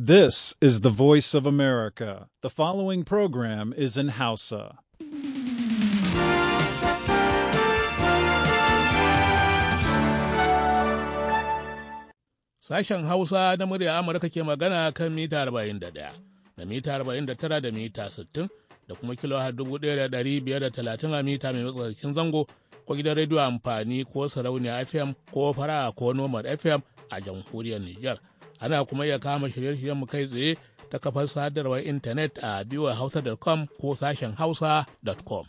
This is the voice of America. The following program is in Hausa. Sashen Hausa na murya Amurka ke magana kan mita 41 da mita 49 da mita 60 da kuma kilo 1530 a mita mai matsakaicin zango ko gidan rediyo amfani ko sarauniya FM ko fara ko nomad FM a jamhuriyar Nijar. ana kuma iya kama shirye-shiryenmu kai tsaye ta kafar sadarwar intanet a hausa.com ko sashen hausa.com.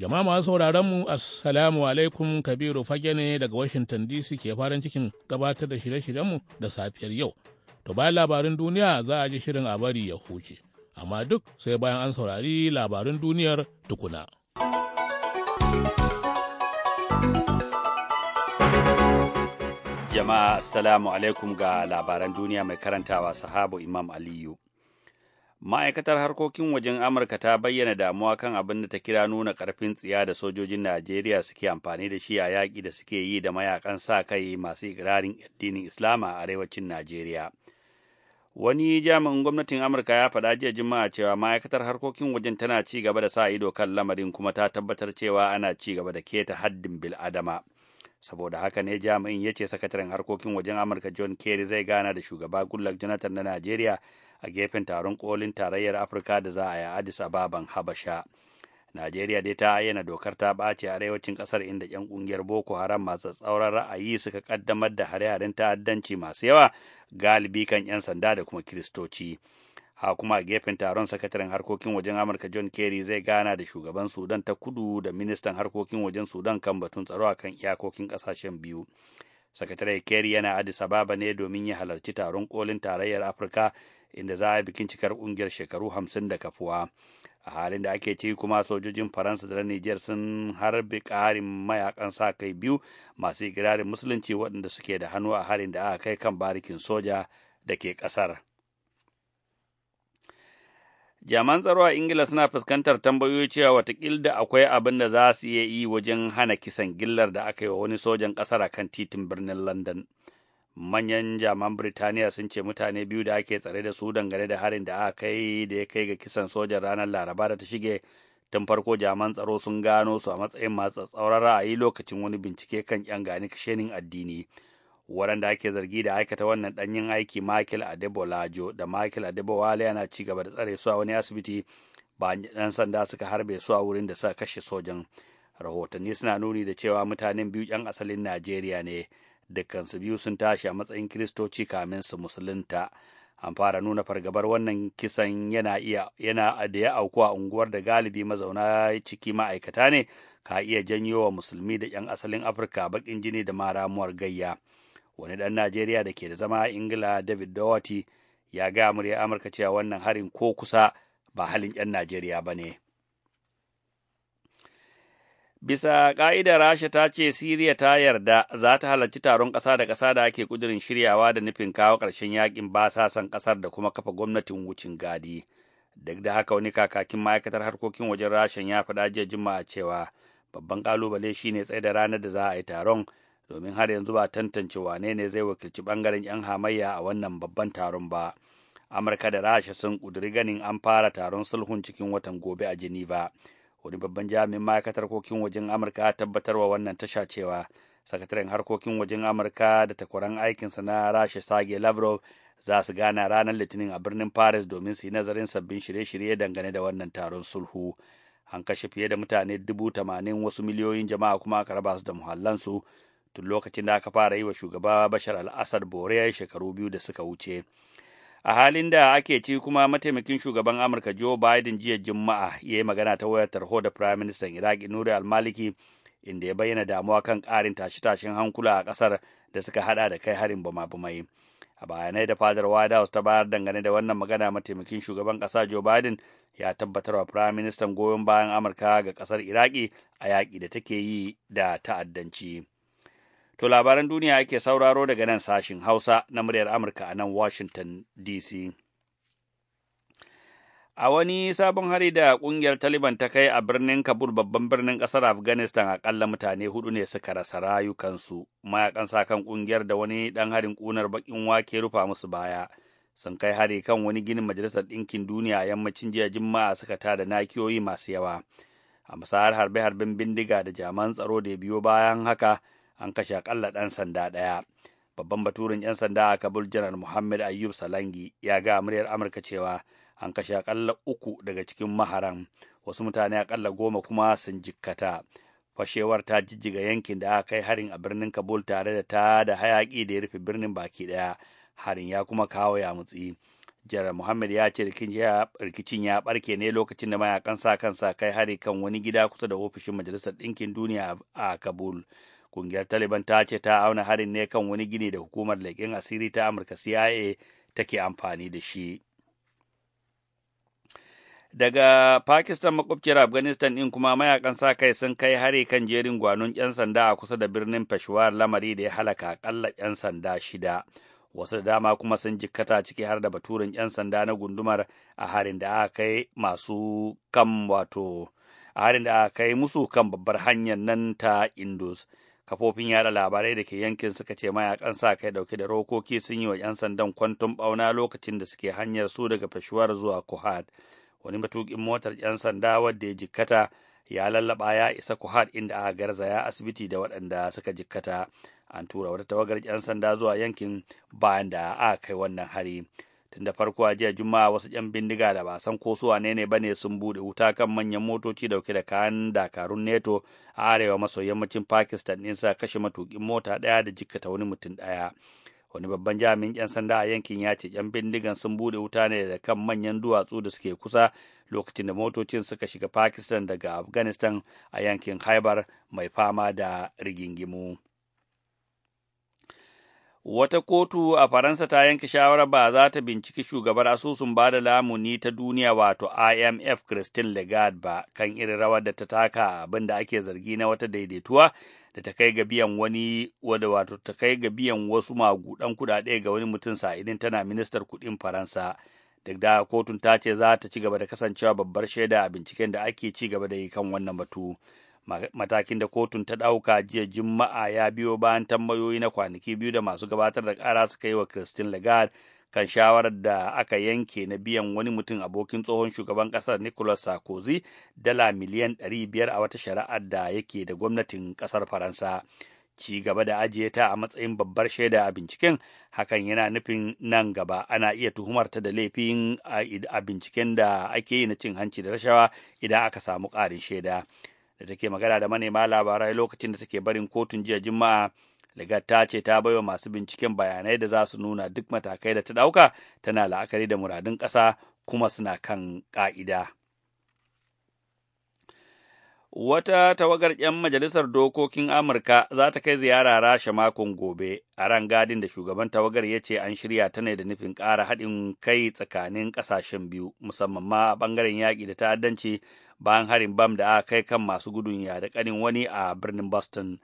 Jama'a masu sauraron mu Assalamu alaikum Kabiru fage ne daga Washington DC ke farin cikin gabatar da shirye-shiryenmu da safiyar yau. To bayan labarin duniya za a ji shirin a bari ya huce, amma duk sai bayan an saurari labarin duniyar tukuna. jama'a assalamu alaikum ga labaran duniya mai karantawa sahabu imam aliyu ma'aikatar harkokin wajen amurka ta bayyana damuwa kan abin da ta kira nuna karfin tsiya da sojojin najeriya suke amfani da shi a yaƙi da suke yi da mayakan sa kai masu ikirarin addinin islam a arewacin najeriya wani jami'in gwamnatin amurka ya faɗa jiya juma'a cewa ma'aikatar harkokin wajen tana ci gaba da sa ido kan lamarin kuma ta tabbatar cewa ana ci gaba da keta haddin bil'adama saboda haka ne jami'in ya ce sakataren harkokin wajen amurka john kerry zai gana da shugaba goodluck jonathan na nigeria a gefen taron kolin tarayyar afirka da za a yi addis ababan habasha nigeria dai ta ayyana dokar ta ɓace a arewacin ƙasar inda 'yan ƙungiyar boko haram masu tsauran ra'ayi suka ƙaddamar da hare-haren ta'addanci masu yawa galibi kan 'yan sanda da kuma kiristoci ha kuma a gefen taron sakataren harkokin wajen amurka john kerry zai gana da shugaban sudan ta kudu da ministan harkokin wajen sudan kan batun tsaro a kan iyakokin kasashen biyu sakatare kerry yana addis ababa ne domin ya halarci taron kolin tarayyar afirka inda za a bikin cikar kungiyar shekaru hamsin da kafuwa a halin da ake ci kuma sojojin faransa da niger sun harbi karin mayakan sa kai biyu masu igirarin musulunci waɗanda suke da hannu a harin da aka kai kan barikin soja da ke ƙasar. Jaman tsaro a Ingila suna fuskantar tambayoyi cewa watakilda akwai abin da za su iya yi wajen hana kisan gillar da aka yi wa wani sojan kasar a kan titin birnin London. Manyan jaman Birtaniya sun ce mutane biyu da ake tsare da su dangane da harin da aka kai da ya kai ga kisan sojan ranar Laraba da ta shige tun farko jaman tsaro sun gano su a matsayin masu a ra'ayi lokacin wani bincike kan 'yan gani kashenin addini. waɗanda ake zargi da aikata wannan ɗanyen aiki michael adebolajo da michael adebowale yana ci gaba da tsare su a wani asibiti ba ɗan sanda suka harbe su a wurin da suka kashe sojan rahotanni suna nuni da cewa mutanen biyu yan asalin najeriya ne dukkansu biyu sun tashi a matsayin kiristoci kamin su musulunta an fara nuna fargabar wannan kisan yana iya yana da ya auku a unguwar da galibi mazauna ciki ma'aikata ne ka iya janyo wa musulmi da 'yan asalin afirka baƙin jini da ma ramuwar gayya wani ɗan najeriya da ke da zama a ingila david doherty ya ga murya amurka cewa wannan harin ko kusa ba halin 'yan najeriya ba ne bisa ƙa'idar rasha ta ce siriya ta yarda za ta halarci taron ƙasa da ƙasa da ake ƙudurin shiryawa da nufin kawo ƙarshen yakin basasan ƙasar da kuma kafa gwamnatin wucin gadi duk da haka wani kakakin ma'aikatar harkokin wajen rashin ya faɗa jiya juma'a cewa babban ƙalubale shine tsaye da ranar da za a yi taron domin har yanzu ba tantance wane ne zai wakilci bangaren 'yan hamayya a wannan babban taron ba amurka da rasha sun kuduri ganin an fara taron sulhun cikin watan gobe a geneva wani babban jami'in ma'aikatar kokin wajen amurka a tabbatar wa wannan tasha cewa sakataren harkokin wajen amurka da takwaran aikinsa na rasha sage lavrov za su gana ranar litinin a birnin paris domin su yi nazarin sabbin shirye-shirye dangane da wannan taron sulhu an kashe fiye da mutane dubu tamanin wasu miliyoyin jama'a kuma aka raba su da muhallansu tun lokacin da aka fara yi wa shugaba bashar al-assad bore shekaru biyu da suka wuce a halin da ake ci kuma mataimakin shugaban amurka joe biden jiya juma'a ya yi magana ta wayar tarho da prime minister iraki nuri al-maliki inda ya bayyana damuwa kan karin tashe-tashen hankula a ƙasar da suka hada da kai harin bama-bamai a bayanai da fadar white house ta bayar dangane da wannan magana mataimakin shugaban ƙasa joe biden ya tabbatar wa prime minister goyon bayan amurka ga ƙasar iraki a yaƙi da take yi da ta'addanci. To labaran duniya ake sauraro daga nan sashin Hausa na muryar Amurka a nan Washington DC. A wani sabon hari da ƙungiyar Taliban ta kai a birnin Kabul babban birnin ƙasar Afghanistan aƙalla mutane hudu ne suka rasa rayukansu. Mayakan kan kungiyar da wani ɗan harin ƙunar baƙin wake rufa musu baya. Sun kai hari kan wani ginin Majalisar Ɗinkin Duniya a yammacin jiya Juma'a suka tada nakiyoyi masu yawa. A musayar harbe-harben bindiga da jaman tsaro da biyo bayan haka, an kashe akalla ɗan sanda ɗaya babban baturin 'yan sanda a kabul janar muhammad ayyub salangi ya ga muryar amurka cewa an kashe akalla uku daga cikin maharan wasu mutane akalla goma kuma sun jikkata fashewar ta jijjiga yankin da aka kai harin a birnin kabul tare da ta da hayaƙi da ya rufe birnin baki ɗaya harin ya kuma kawo ya mutsi. Jara muhammad ya ce rikicin ya barke ne lokacin da mayakan sa kansa kai hari kan wani gida kusa da ofishin majalisar ɗinkin duniya a kabul Kungiyar Taliban ta ce ta auna harin ne kan wani gini da hukumar leƙen asiri ta Amurka CIA take amfani da shi. daga Pakistan makwabciyar Afghanistan ɗin kuma mayakan sa kai sun kai hari kan jerin gwanon 'yan sanda a kusa da birnin Peshawar lamari da ya halaka akalla 'yan sanda shida. Wasu da dama kuma sun jikkata ciki har da baturin 'yan sanda na gundumar a harin da aka kai masu kan wato a harin da aka kai musu kan babbar hanyar nan ta Indus. kafofin yada labarai da ke yankin suka ce mayakan sa kai dauke da rokoki sun yi wa 'yan sandan kwantum bauna lokacin da suke hanyar su daga fashuwar zuwa kuhad wani matukin motar 'yan sanda wadda ya jikkata ya lallaba ya isa kuhad inda aka garzaya asibiti da waɗanda suka jikkata an tura wata tawagar 'yan sanda zuwa yankin bayan da aka kai wannan hari tun da farko a jiya juma'a wasu 'yan bindiga da ba san ko ne bane sun bude wuta kan manyan motoci dauke da kayan dakarun neto a arewa maso yammacin pakistan din sa kashe matukin mota daya da jikkata wani mutum daya wani babban jami'in 'yan sanda a yankin ya ce 'yan bindigan sun bude wuta ne da kan manyan duwatsu da suke kusa lokacin da motocin suka shiga pakistan daga afghanistan a yankin haibar mai fama da rigingimu. Wata kotu a Faransa ta yanke shawarar ba za ta binciki shugabar asusun ba da lamuni ta duniya wato IMF Christine Lagarde ba kan irin rawar da ta taka abin da ake zargi na wata daidaituwa da ta kai ga biyan wani wada wato ta kai ga wasu magudan kudade ga wani mutum sa idan tana ministar kudin Faransa. Duk da kotun ta ce za ta ci gaba da kasancewa babbar shaida a binciken da ake ci gaba da yi kan wannan batu. matakin da kotun ta ɗauka jiya juma'a ya biyo bayan tambayoyi na kwanaki biyu da masu gabatar da ƙara suka yi wa christine lagarde kan shawarar da aka yanke na biyan wani mutum abokin tsohon shugaban ƙasar nicolas sarkozy dala miliyan 500 a wata shari'ar da yake da gwamnatin ƙasar faransa ci gaba da ajiye ta a matsayin babbar shaida a binciken hakan yana nufin nan gaba ana iya tuhumar ta da laifin a binciken da ake yi na cin hanci da rashawa idan aka samu ƙarin shaida da take magana da manema labarai lokacin da take barin kotun jiya juma'a ligat ta ce ta baiwa masu binciken bayanai da za su nuna duk matakai da ta ɗauka tana la'akari da muradun ƙasa kuma suna kan ƙa'ida. Wata tawagar ‘yan majalisar dokokin Amurka za ta kai ziyara Rasha makon gobe a ran gadin da shugaban tawagar ya ce an shirya ta ne da nufin ƙara haɗin kai tsakanin ƙasashen biyu, musamman ma a ɓangaren yaƙi da ta'addanci bayan harin bam da aka kai kan masu gudun ya da ƙanin wani a birnin Boston.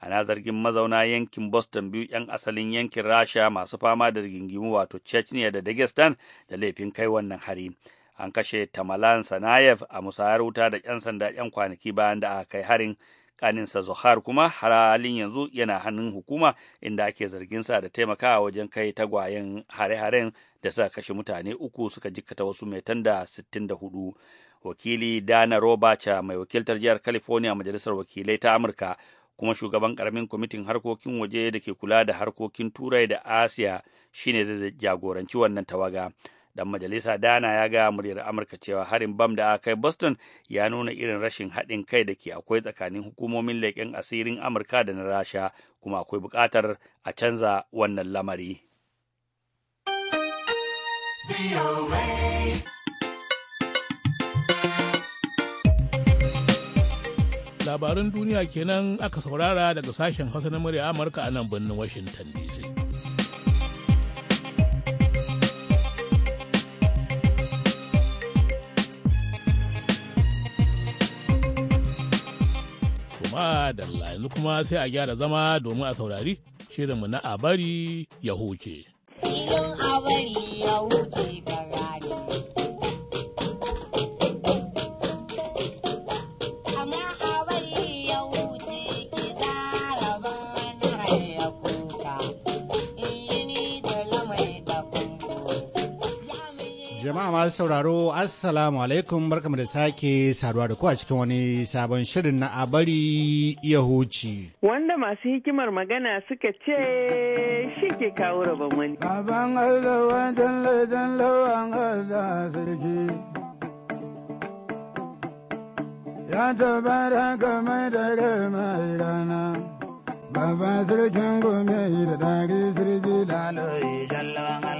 Ana zargin mazauna yankin Boston biyu ‘yan asalin yankin Rasha masu fama da rigingimu wato Chechnya da Dagestan da laifin kai wannan hari. an kashe tamalan sanayev a musayar wuta da 'yan sanda 'yan kwanaki bayan da aka kai harin kaninsa zohar kuma halin yanzu yana hannun hukuma inda ake zargin sa da taimakawa wajen kai tagwayen hare-haren da suka kashe mutane uku suka jikkata wasu mai tanda 64 wakili dana robacha mai wakiltar jihar california majalisar wakilai ta amurka kuma shugaban karamin kwamitin harkokin waje da ke kula da harkokin turai da asiya shine zai jagoranci wannan tawaga. dan majalisa dana ya gaya muryar amurka cewa harin bam da aka kai boston ya nuna irin rashin haɗin kai da ke akwai tsakanin hukumomin leƙen asirin amurka da na rasha kuma akwai buƙatar a canza wannan lamari Labarun duniya kenan aka saurara daga sashen hausa na murya amurka a nan birnin washington dc da yanzu kuma sai a gyara zama domin a saurari shirinmu na abari ya huce. abari ya huce masu sauraro assalamu alaikum barkamu da sake saduwa da ku a cikin wani sabon shirin na abari bari iya huci. Wanda masu hikimar magana suka ce shi ke kawo rabon wani. Baban Allah wajen ladan lawan Allah sarki. Ya tabara kamar da mai rana. Baba sarkin gome da dare sirji da layi Allah.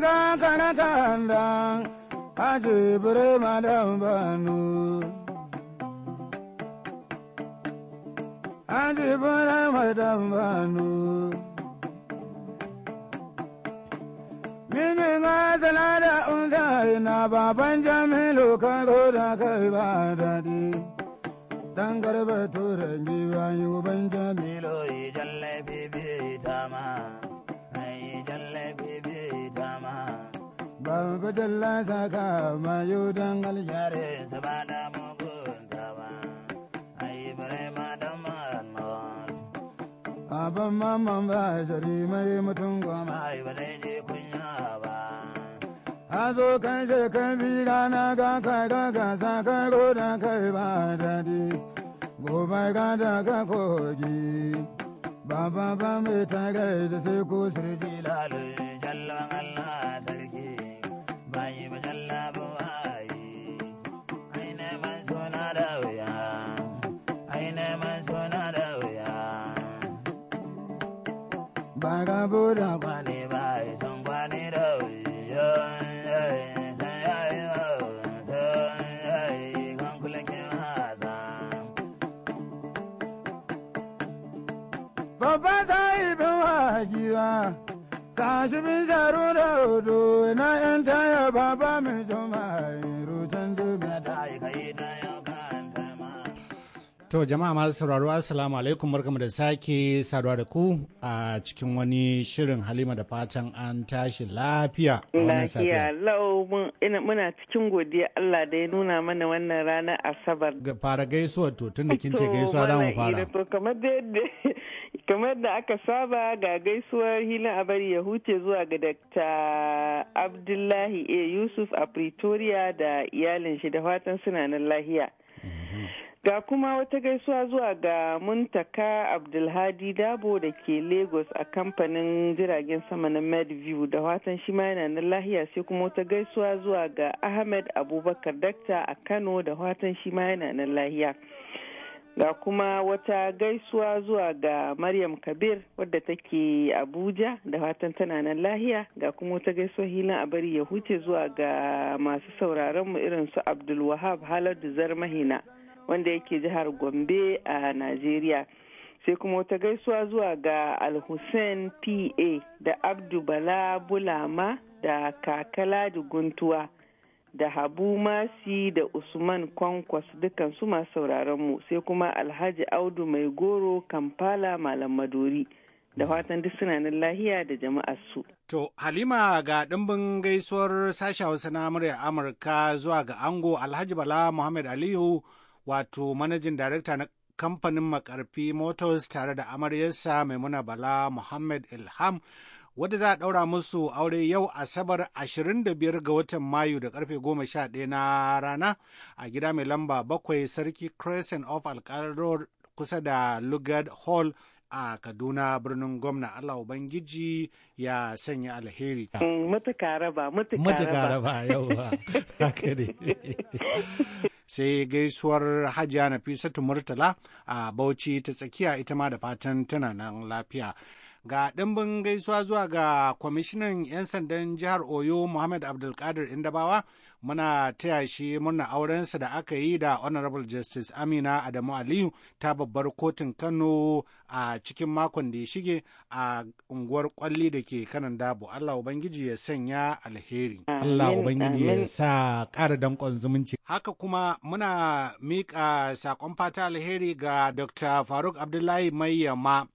baga kana kanda aje bere madam banu aje bere madam banu mini ga salada unzari na baban jamilu kan zo da kai ba daɗi dan garba turangi bayu ban jamilu idan laifi bi ta ma kan fitilla saka mayu dangal share ta ba da mugunta ba ayi bare ma da manmawa abin man ba shari mai mutum goma ayi bare je kunya ba a zo kan shekan bi rana ga kai da gasa kan da kai ba daɗi gobe ga da ka kogi ba ba ba mai tare da sai ko sirji lalai ga da Babban sahibin wajiya, sashibin zaro da odo na ‘yan taya baba mai To jama'a masu sauraro assalamu alaikum barkamu da sake saduwa da ku a cikin wani shirin Halima da fatan an tashi lafiya. Lafiya lau muna cikin godiya Allah da ya nuna mana wannan ranar Asabar. Fara gaisuwa to tun da kin ce gaisuwa za mu fara. To kamar da kamar da aka saba ga gaisuwar hilin a bari ya huce zuwa ga Dr. Abdullahi A Yusuf a Pretoria da iyalin shi da fatan suna nan lahiya. Ga kuma wata gaisuwa zuwa ga Muntaka Abdulhadi Dabo da ke Lagos a kamfanin jiragen sama na Medview da watan shi ma yana nan lahiya sai kuma wata gaisuwa zuwa ga Ahmed Abubakar Dakta a Kano da watan shi ma yana nan lahiya. Ga kuma wata gaisuwa zuwa ga Maryam Kabir wadda take Abuja da watan tana nan lahiya ga kuma wata gaisuwa hilin a bari ya huce zuwa ga masu sauraron mu irin su Abdul Wahab Haladu Zarmahina. wanda yake jihar Gombe a Najeriya. Sai kuma wata gaisuwa zuwa ga Alhussein PA da abdubala Bulama da Kakala Guntuwa da Habu Masi da Usman Kwankwas su masu sauraronmu sai kuma Alhaji Audu Mai Goro Kampala Malam madori da fatan duk suna lahiya da jama'ar su. To Halima ga ɗimbin gaisuwar sashen Hausa na murya Amurka zuwa ga ango Alhaji Bala Muhammad Aliyu wato manajin darakta na kamfanin makarfi motors tare da amaryarsa maimuna bala muhammad ilham wadda za a ɗaura musu aure yau asabar 25 ga watan mayu da karfe 11 na rana a gida mai lamba bakwai sarki crescent of alkalor kusa da lugard hall a Kaduna birnin gwamna Allah Ubangiji ya sanya alheri. Mutuka raba, mutuka raba. Sai gaisuwar Hajiya Nafisatu Murtala a Bauchi ta tsakiya ita ma da fatan tana nan lafiya. ga ɗimbin gaisuwa zuwa ga kwamishinan 'yan sandan jihar oyo muhammad abdulkadir indabawa muna taya shi murna aurensa da aka yi da honorable justice amina adamu aliyu ta babbar kotun kano a cikin makon da ya shige a unguwar kwalli da ke kanan dabo allah ubangiji ya sanya alheri allah ubangiji ya sa ƙara danƙon zumunci haka kuma muna miƙa saƙon fata alheri ga dr faruk abdullahi mayyama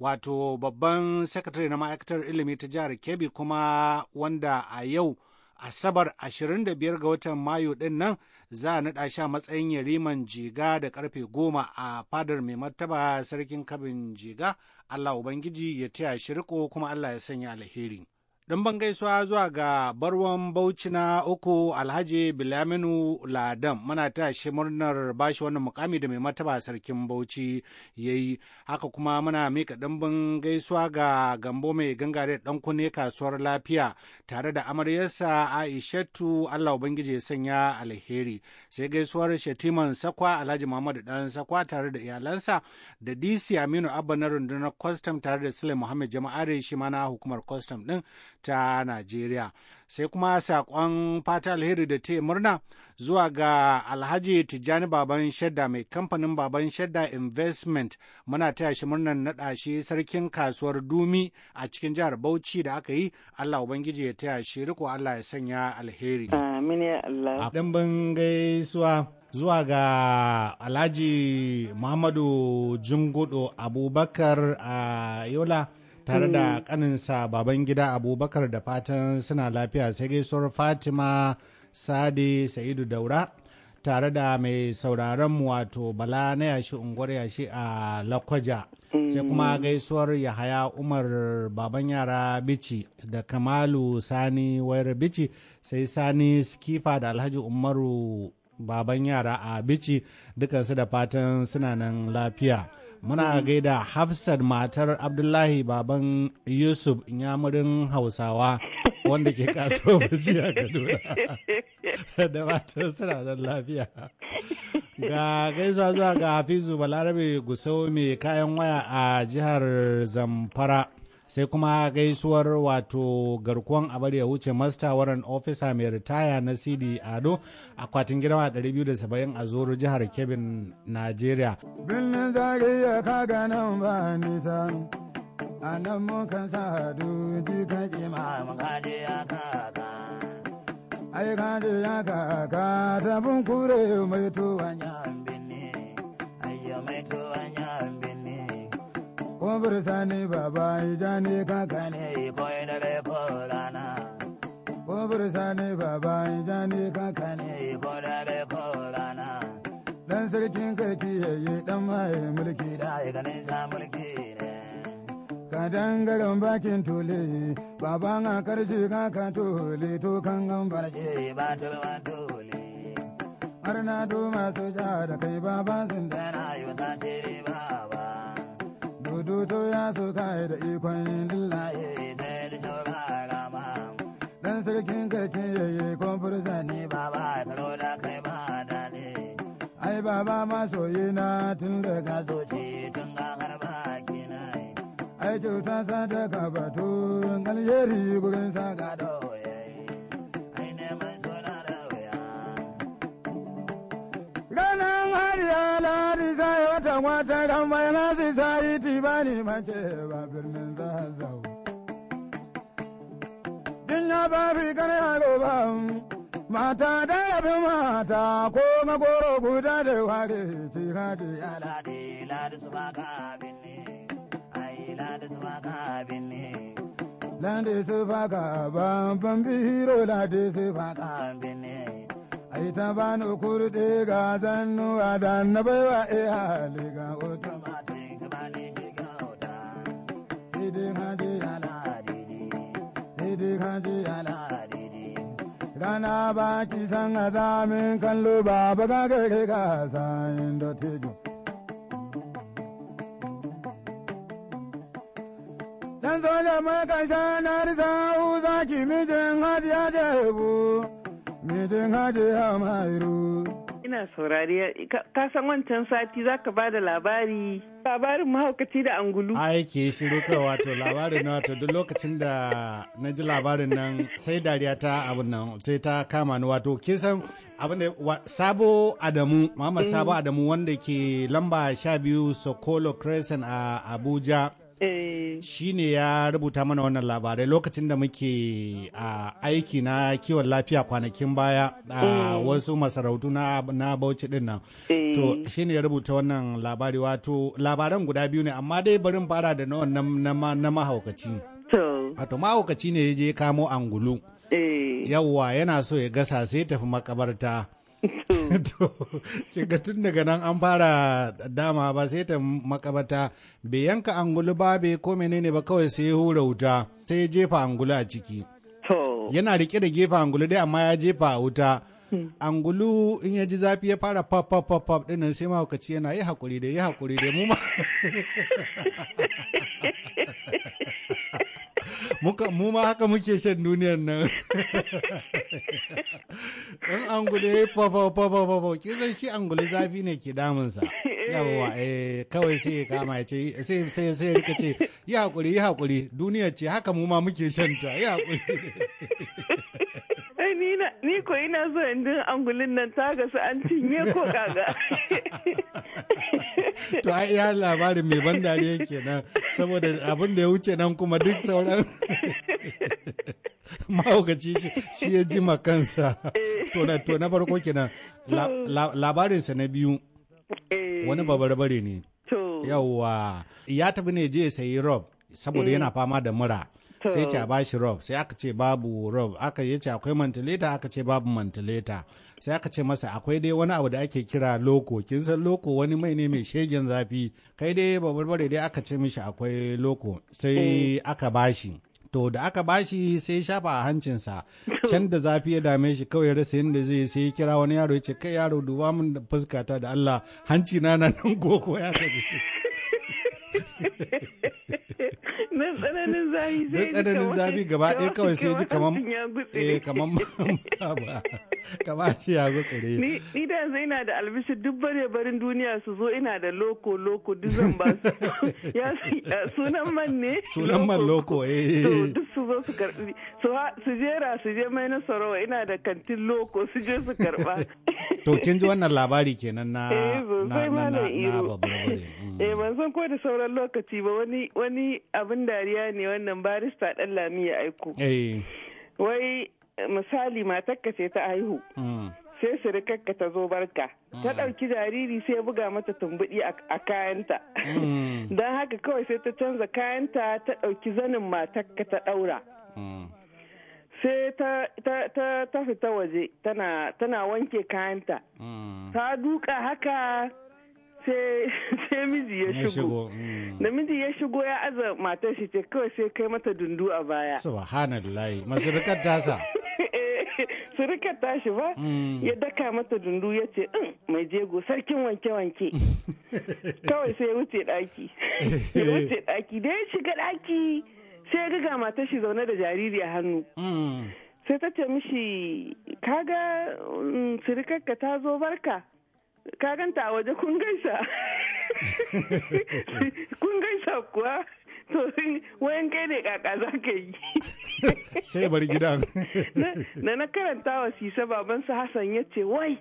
wato babban sakatare na ma'aikatar ilimi ta jihar kebbi kuma wanda a yau Asabar 25 ga watan Mayu ɗin nan za a naɗa sha matsayin yariman jiga da karfe goma a fadar mai martaba sarkin kabin jiga. Allah Ubangiji ya taya shi riko kuma Allah ya sanya alheri. ban gaisuwa zuwa ga barwan bauchi na uku Alhaji Bilaminu Ladan muna ta shi murnar bashi wannan mukami da mai mataba sarkin bauchi ya yi. Haka kuma muna mika ɗimbin gaisuwa ga gambo mai gangare dan kunne kasuwar lafiya tare da amaryarsa Aishatu Allah Ubangiji ya sanya alheri. Sai gaisuwar Shatiman Sakwa Alhaji Muhammadu Dan Sakwa tare da iyalansa da DC Aminu Abba na rundunar kwastam tare da Sule Muhammad jama'a shi ma na hukumar kwastam ɗin ta Najeriya. Sai kuma saƙon fata alheri da ta murna zuwa ga Alhaji Tijjani Baban Shadda mai kamfanin Baban Shadda Investment muna taya shi murnar naɗa shi sarkin kasuwar Dumi a cikin jihar Bauchi da aka yi Allah Ubangiji ya taya shi riko Allah ya sanya alheri. Amin ya Allah. gaisuwa. zuwa ga alhaji muhammadu jungudo abubakar a tare da kaninsa mm. baban gida abubakar da fatan suna lafiya sai gaisuwar fatima sadi sa'idu daura tare da mai sauraron wato bala na yashi unguwar yashi a lakwaja sai kuma mm. gaisuwar yahaya umar baban yara bici da kamalu sani wayar bici sai sani skifa da alhaji umaru baban yara a bici dukansu da fatan suna nan lafiya muna gaida hafsat matar abdullahi baban yusuf yamurin hausawa wanda ke kaso fushi a kaduna da matan suna don lafiya ga gaisa zuwa ga hafizu balarabe gusau mai kayan waya a jihar zamfara sai kuma gaisuwar wato garkuwan abar ya wuce masta ofisa officer mai ritaya na cd ado akwatin girma 270 a zoro jihar kebin nigeria birnin zariya ka ganin ba nisa a nan mukan sa hadu ya kaka ai ya kaka kure mai tuwan yan bursani baba ijani kakane koi na le korana ko bursani baba ijani kakane ko na le korana dan sarkin karki yayi dan mai mulki da ya ganin sa mulki ne kadan garin bakin tole baban a karshe kaka tole to kan gan barce eh, ba tulwa tole har na masu ja da kai baba sun dana yi ta ce ba Duto ya so kai da ikon lillahi sai da shawara rama. Dan sarkin kake yayi kon ne baba karo da kai ba da ne. Ai baba ma soyi na tun daga zoci tun ga harba kina. Ai kyauta sa ta kabatu alheri gurin sa gado. Ranar hariya wata ran bai na shi sayi ti ba ni mace ba birnin zazzau. Jinya ba fi kan yaro ba mata da rabi mata ko magoro guda da ware ci kaji ala de ladi su ba ka binne ayi ladi su ba ka binne ladi su ba ka ban ban biro ladi su ba ka binne ita ba ni kurɗe ga zannu a dan na baiwa iyali ga ota. Sidi kaji aladidi, sidi kaji aladidi. Rana ba ki san azamin kallo ba ba ga gare ka sayin da tejo. Dan zo da mai kansha na risa u ki mijin hadiya da yabo. Midin hadi Hamiru. Ina saurari ka san wancan sati za ka bada labari. Labarin mahaukaci da angulu. aiki shiru ka wato labarin na wato duk lokacin da na ji labarin nan sai dariya ta abin nan sai ta kama ni wato kin san abin da Sabo Adamu Muhammad Sabo eh. Adamu wanda ke lamba sha biyu Sokolo Crescent a Abuja Eh. shi ne ya rubuta mana wannan labarai lokacin da muke a aiki na kiwon lafiya kwanakin baya a eh. wasu masarautu na bauchi din nan eh. to shi ne ya rubuta wannan labari wato labaran guda biyu ne amma dai barin fara da na mahaukaci wato mahaukaci ne ya je kamo angulu yawwa yana so ya gasa sai tafi makabarta to tun daga nan an fara dama ba sai ta makabata bai yanka angulu ba bai ko menene ba kawai sai hura wuta sai jefa angulu a ciki yana rike da gefa angulu dai amma ya jefa a wuta hmm. angulu in ya ji zafi ya fara pop pop pop pop dinnan sai mahaukaci yana yi hakuri da yi hakuri da mu ma mu ma haka muke shan duniyar nan in angulu ya yi fafafafafafau sai shi angulu zafi ne ke damunsa eh. yawwa eh kawai sai ya kama ya ce sai sai sai rika ce yi hakuri yi hakuri duniyar ce haka mu ma muke shan ta yi hakuri ai ni ko ina so in din angulin nan ta gasu an cinye ko kaga to ai ya labarin mai ban dariya kenan saboda abin da ya wuce nan kuma duk sauran mahaukaci shi ya ji kansa eh. to na farko kenan labarinsa na biyu eh. wani babarbare ne yawwa ya tafi ne je sayi rob saboda mm. yana fama da mura sai ce a ba shi rob sai aka ce babu rob aka yi ce akwai mantileta aka ce babu mantileta sai aka ce masa akwai dai wani abu da ake kira loko kin san loko wani mai ne mai shegen zafi kai dai bare dai aka ce mishi akwai loko sai eh. aka ba shi to da aka ba shi sai shafa a hancinsa can da zafi ya dame shi kawai rasa yadda zai sai ya kira wani yaro ya ce kai yaro duba min fuskata da Allah hanci na nan koko ya tafi tsananin zafi sai tsananin zafi gaba ɗaya kawai sai ji kamar eh kaman ba kama ce ya go tsire ni da yanzu ina da albishi duk bare barin duniya su zo ina da loko loko duk zan ba su ya sunan man ne sunan man loko eh duk su zo su karbi su jera su je mai na sarawa ina da kantin loko su je su karba To kin ji wannan labari kenan na na na na mm. Eh ban san ko da sauran lokaci ba wani wani abin dariya ne wannan barista dan lami ya aiko. Eh. Wai misali matarka ce ta haihu. sai sirikarka ta zo barka ta ɗauki jariri sai ya buga mata tumbuɗi a kayanta don haka kawai sai ta canza kayanta ta ɗauki zanin matarka ta ɗaura sai ta fita waje tana wanke kayanta mm. ta duka haka sai miji ya shigo mm. da miji ya shigo ya aza matar shi ce kawai sai kai mata dundu a baya subhanallahi masirkar tasa surukar eh, tashi ba mm. ya daka mata dundu ya ce in mai jego sarkin wanke-wanke kawai sai ya wuce daki ya wuce daki da ya shiga daki sai ga ga matar shi zaune da jariri a hannu mm. sai ta ce mishi kaga mm, surikarka ta zo barka ka a waje kun gaisa kun gaisa kuwa to wayan kai ne kaka za ka yi sai bari gidan na na karanta wa sisa babansa hassan ya ce wai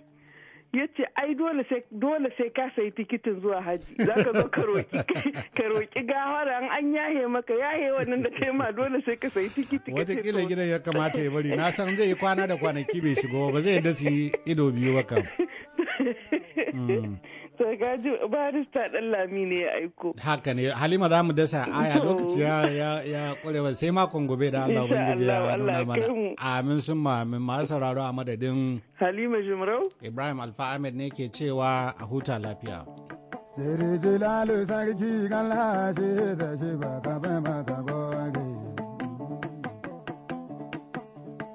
ya ce ai dole sai ka sai ka sayi tikitin zuwa haji za ka zo ka roƙi ka gawara an yahe maka yahe wannan da kai dole sai ka sayi tikiti kila gidan ya kamata ya bari na san zai yi kwana da kwanaki bai shigo ba zai yadda su ido biyu ba kam mm. sai gaji barista dan lami ne ya aiko. Haka ne Halima za mu dasa aya lokaci ya ya ya ƙwarewa sai makon gobe da Allah ubangiji ya nuna mana. Amin sun ma min ma sauraro a madadin. Halima jimrau Ibrahim Alfa Ahmed ne ke cewa a huta lafiya. Siri lalu sarki kala lashe da shi ba ka bai mata goge.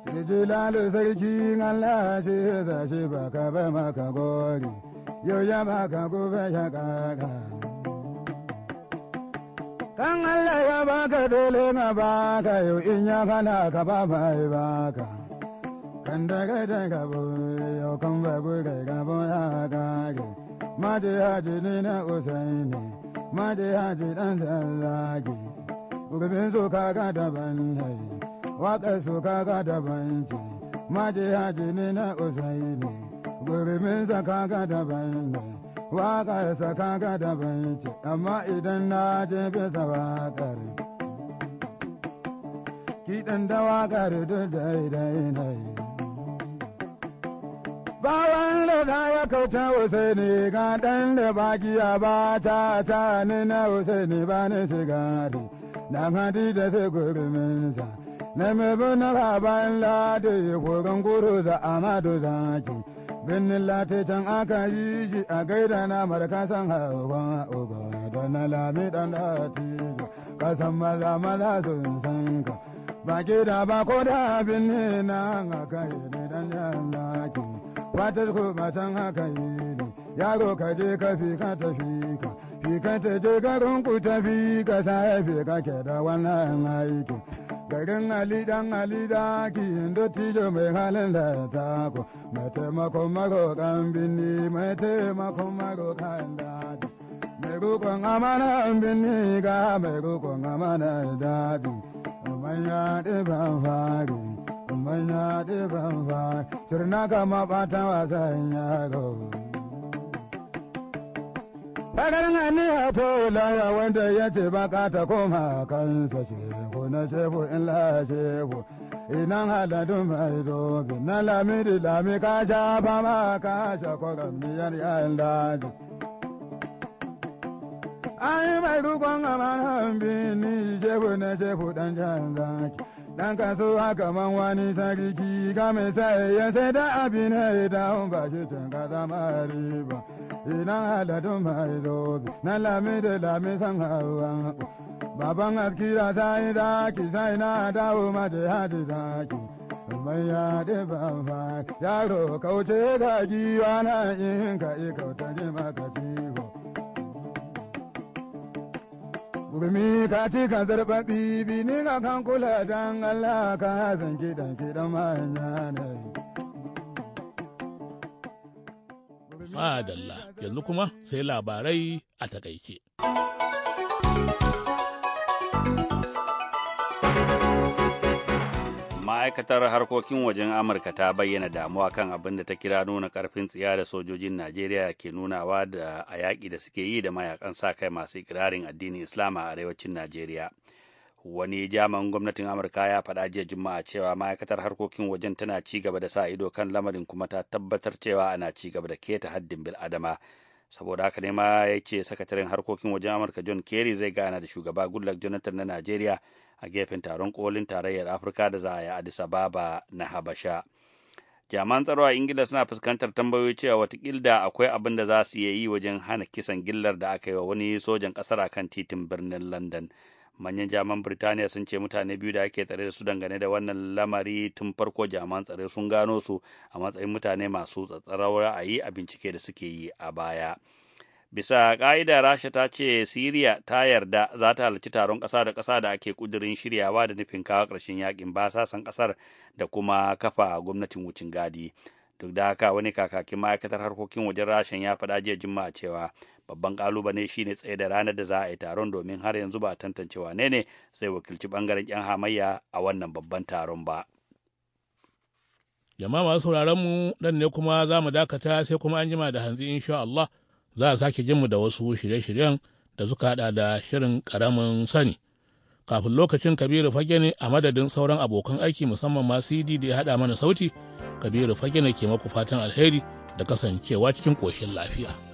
Siri jilalu sarki kala lashe da shi ba ka bai mata goge. ba ka gobe ya kaka. Kan Allah ya ka dole na ka yau in ya na ka ba bai ka Kan da kai da bo yo kan ba bai ga ga. bo ya de ha de ni na Ma de ha de dan zallage. Gurbin su kaga daban ne, da su kaga daban de ha de ni na sai ni saka ga daban ne saka ga daban ce amma idan na je bisa waƙar kiɗan da waƙar duk daidai ne bawan da na ya kauta ne, ga ɗan da bakiya ba ta ta ni na ne ba ni sigari da fadi da sai sa, na mebe na baban ladi kurin guru da amadu zaki Birnin latitan aka yi shi a gaida na markasan hawa uba don na lami dan latijo kasan maza maza sun san ka baki da ba ko da birni na aka yi ne dan yan laki fatar ku matan aka yi ne yaro ka je ka fi ka tafi ka fi ka ta je garin ku tafi ka sa fi ka ke da wannan aikin garin Ali dan Ali da kiyin dottijo mai halin da ta ku mai taimakon marokan bini mai taimakon marokan daji mai rukun amanan bini ga mai rukun amanan daji manya ɗiban fari manya ɗiban fari sirna kama ɓata wasan yaro Farar ganiya ko ya wanda ya ce baka ta koma kansa ko na shehu in la shehu inan haladun mai dobi na lamidi lami ka sha fama ka sha kogan biyar yayin daji. Ai mai rukon amanan ni shehu na shehu dan jan zaki. Dan kasuwa kaman wani sarki ga mai sayayya sai da abin ya dawo ba shi can ka zama riba. Idan haladun mai zobe na lami da lami san hawa. Baban askira sai ki sai na dawo ma jihadi zaki. mai ya ba fa yaro kauce ga giwa na in ka ikauta ji maka Gumi ka ci ka zarfa bibi ni ka kan kula dan Allah ka san kiɗan kiɗan manya ne. Madalla yanzu kuma sai labarai a takaice. ma'aikatar harkokin wajen amurka ta bayyana damuwa kan abin da ta kira nuna karfin tsiya da sojojin najeriya ke nunawa da a yaƙi da suke yi da mayakan sa kai masu ikirarin addinin islam a arewacin najeriya wani jami'an gwamnatin amurka ya faɗa jiya juma'a cewa ma'aikatar harkokin wajen tana ci gaba da sa ido kan lamarin kuma ta tabbatar cewa ana ci gaba da keta haddin bil'adama saboda haka ne ma ya ce sakataren harkokin wajen amurka john kerry zai gana da shugaba goodluck jonathan na najeriya a gefen taron kolin tarayyar afirka da za a yi addis ababa na habasha jaman tsaro a ingila suna fuskantar tambayoyi cewa watakila akwai abin da za su iya yi wajen hana kisan gillar da aka yi wa wani sojan kasar a kan titin birnin london manyan jaman birtaniya sun ce mutane biyu da ake tsare da su dangane da wannan lamari tun farko jaman tsare sun gano su a matsayin mutane masu a yi a bincike da suke yi a baya bisa ƙa'ida rasha ta ce siriya ta yarda za ta halarci taron ƙasa da ƙasa da ake ƙudurin shiryawa da nufin kawo ƙarshen yakin basasan ƙasar da kuma kafa gwamnatin wucin gadi duk da haka wani kakakin ma'aikatar harkokin wajen rashin ya faɗa jiya juma'a cewa babban kalubale shine tsaye da ranar da za a yi taron domin har yanzu ba a tantancewa ne ne sai wakilci bangaren yan hamayya a wannan babban taron ba jama'a masu sauraron mu nan ne kuma za mu dakata sai kuma an jima da hantsi insha Allah za a sake jinmu da wasu shirye-shiryen da suka hada da shirin karamin sani kafin lokacin kabiru fage ne a madadin sauran abokan aiki musamman ma cd da ya hada mana sauti kabiru fage ne ke maku fatan alheri da kasancewa cikin ƙoshin lafiya.